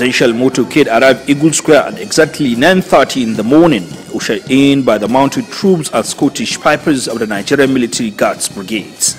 presidential motorcade arrived Eagle Square at exactly 9.30 in the morning, ushered in by the mounted troops and Scottish pipers of the Nigerian Military Guards Brigades.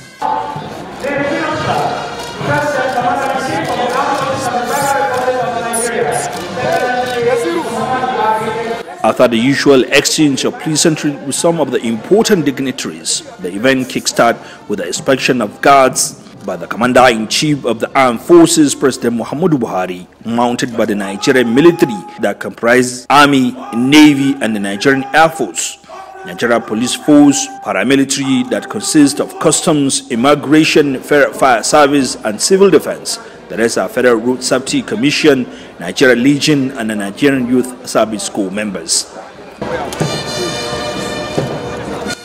After the usual exchange of pleasantries with some of the important dignitaries, the event kick-started with the inspection of guards by the Commander-in-Chief of the Armed Forces, President Muhammadu Buhari, mounted by the Nigerian military that comprises Army, Navy and the Nigerian Air Force. Nigeria Police Force, paramilitary that consists of customs, immigration, fire service and civil defense. The rest are Federal Road Safety Commission, Nigeria Legion and the Nigerian Youth Service Corps members.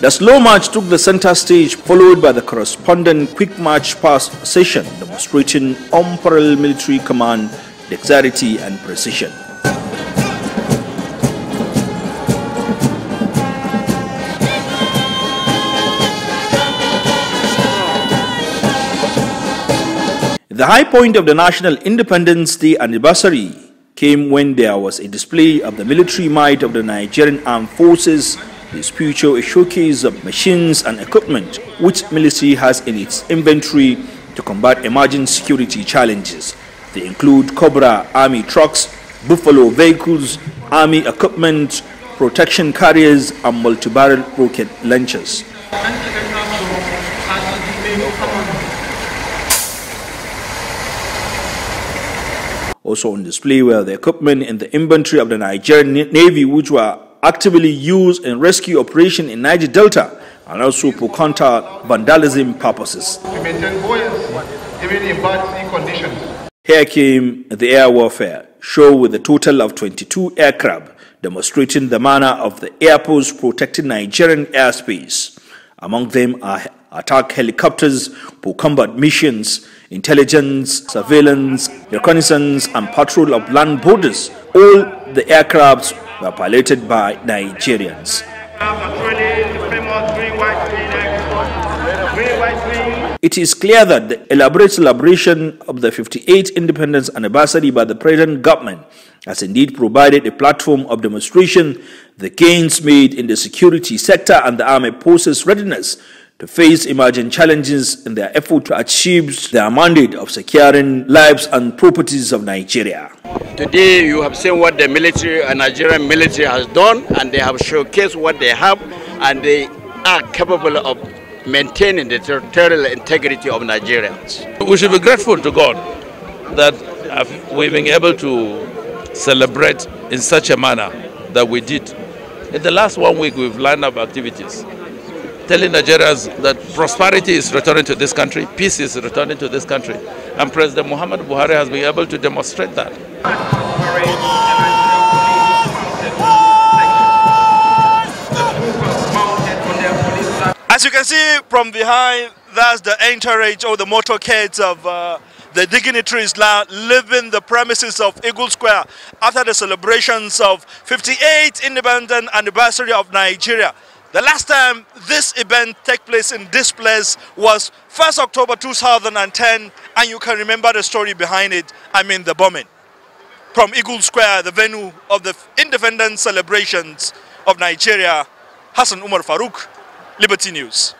The slow march took the center stage, followed by the correspondent quick march pass session, demonstrating unparalleled military command, dexterity, and precision. The high point of the National Independence Day anniversary came when there was a display of the military might of the Nigerian Armed Forces this future is showcase of machines and equipment which military has in its inventory to combat emerging security challenges. They include Cobra army trucks, Buffalo vehicles, army equipment, protection carriers and multi-barrel rocket launchers. Also on display were the equipment in the inventory of the Nigerian Navy which were actively used in rescue operation in Niger Delta and also for counter vandalism purposes. Here came the air warfare show with a total of 22 aircraft demonstrating the manner of the airports protecting Nigerian airspace. Among them are attack helicopters for combat missions, intelligence, surveillance, reconnaissance, and patrol of land borders all the aircrafts were piloted by Nigerians. It is clear that the elaborate celebration of the 58th independence anniversary by the present government has indeed provided a platform of demonstration the gains made in the security sector and the army forces readiness to face emerging challenges in their effort to achieve their mandate of securing lives and properties of Nigeria. Today you have seen what the military, uh, Nigerian military has done and they have showcased what they have and they are capable of maintaining the territorial integrity of Nigerians. We should be grateful to God that uh, we've been able to celebrate in such a manner that we did. In the last one week we've lined up activities telling Nigerians that prosperity is returning to this country, peace is returning to this country. And President Muhammad Buhari has been able to demonstrate that. As you can see from behind, that's the entourage or the motorcades of uh, the dignitaries now leaving the premises of Eagle Square after the celebrations of 58th independent anniversary of Nigeria. The last time this event took place in this place was 1st October 2010 and you can remember the story behind it, I mean the bombing. From Eagle Square, the venue of the independence celebrations of Nigeria, Hassan Umar Farouk, Liberty News.